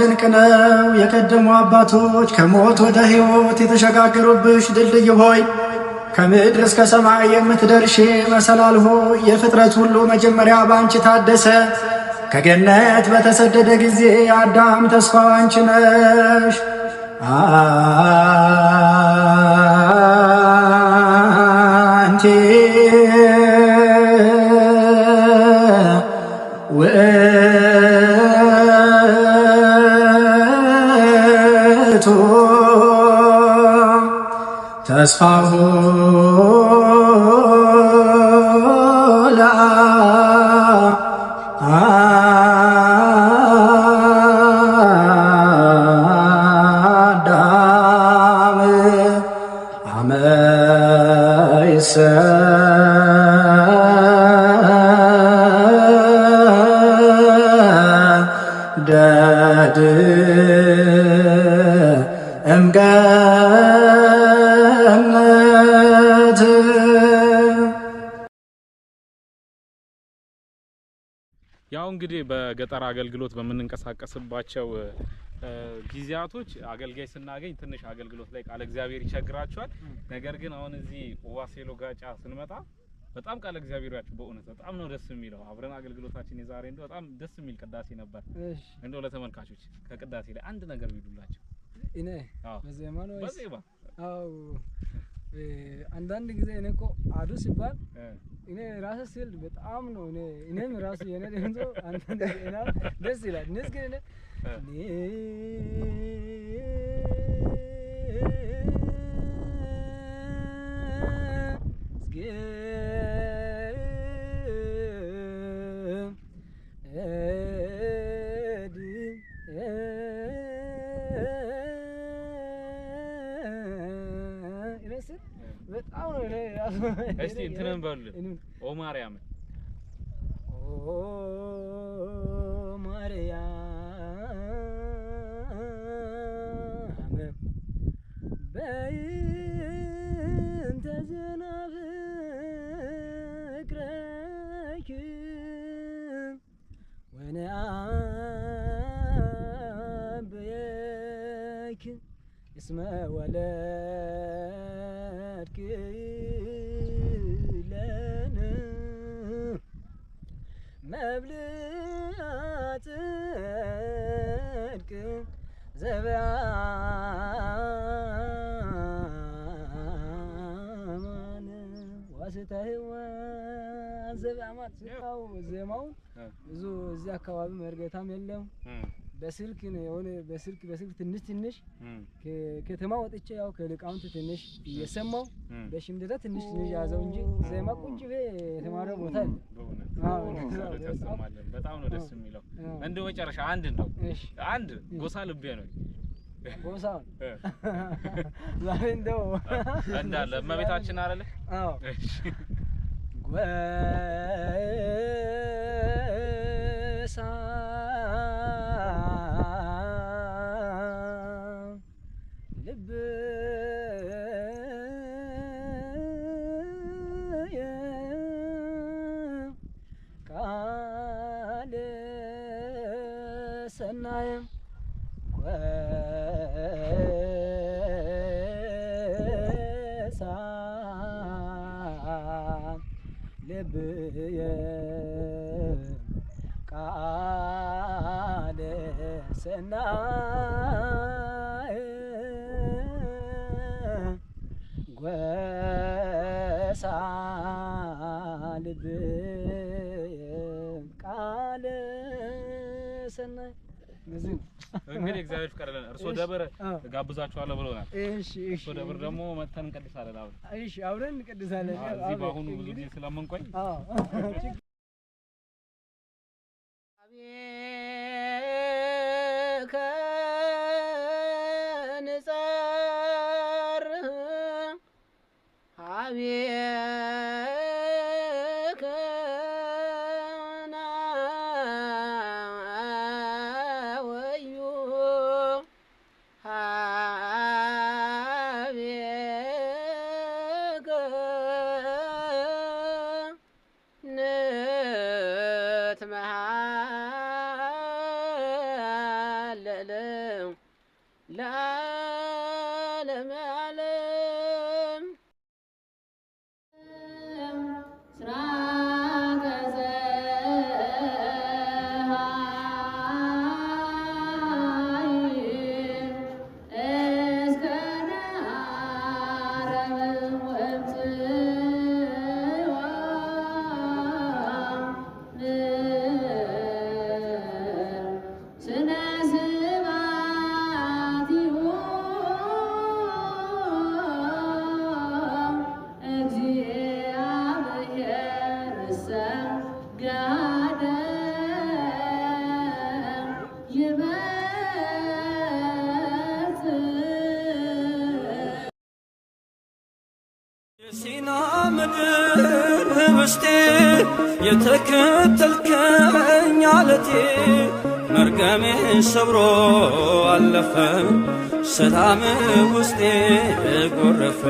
ድንቅ ነው። የቀደሙ አባቶች ከሞት ወደ ሕይወት የተሸጋገሩብሽ ድልድይ ሆይ ከምድር እስከ ሰማይ የምትደርሽ መሰላል ሆይ የፍጥረት ሁሉ መጀመሪያ በአንቺ ታደሰ። ከገነት በተሰደደ ጊዜ አዳም ተስፋ አንቺ ነሽ። ተስፋሁ ለአዳም አመ ይሰደድ እምገ ያው እንግዲህ በገጠር አገልግሎት በምንንቀሳቀስባቸው ጊዜያቶች አገልጋይ ስናገኝ ትንሽ አገልግሎት ላይ ቃለ እግዚአብሔር ይቸግራቸዋል። ነገር ግን አሁን እዚህ ዋሴሎ ጋጫ ስንመጣ በጣም ቃለ እግዚአብሔር ያቸው በእውነት በጣም ነው ደስ የሚለው። አብረን አገልግሎታችን የዛሬ እንደው በጣም ደስ የሚል ቅዳሴ ነበር። እንደው ለተመልካቾች ከቅዳሴ ላይ አንድ ነገር ቢሉላቸው እኔ በዜማ ነው በዜማ አዎ አንዳንድ ጊዜ እኔ እኮ አዱ ሲባል እኔ ራሴ ስል በጣም ነው እኔ እኔም ራሱ የኔ ድምፁ አንዳንድ ደስ ይላል። እነዚህ ግን እኔ እስቲ እንትንን በሉልን። ኦ ማርያም ኦ ማርያም በእንተ እስመ ዘበአማን ዋስተ ህይወት ስታው ዜማው ብዙ እዚህ አካባቢ መርገታም የለም። በስልክ የሆነ በስልክ በስልክ ትንሽ ትንሽ ከተማ ወጥቼ ያው ከሊቃውንት ትንሽ እየሰማው በሽምደታ ትንሽ ትንሽ ያዘው እንጂ ዜማ ቁጭ ብዬ የተማረ ቦታ በጣም ነው ደስ የሚለው። እንደ መጨረሻ አንድ ነው አንድ ጎሳ ልቤ ነው ጎሳ ዛሬ እንደው እንዳለ እመቤታችን አለ ጎሳ ሰናይም ጎሳ ልብየ ቃለ ሰናይ ጎሳ ልብየ ቃለ ሰናይ እዚህ ነው እንግዲህ እግዚአብሔር ፍቀደልን። እርሶ ደብር ጋብዛችኋለሁ ብለውናል። እሺ እሺ። ደብር ደግሞ መተን እንቀድሳለን። አብረን እሺ፣ አብረን እንቀድሳለን። እዚህ በአሁኑ ብዙ ጊዜ ስለምንቆይ አዎ በውስጤ የተከተልከኝ አለቴ መርገሜን ሰብሮ አለፈ ሰላም ውስጤ ጎረፈ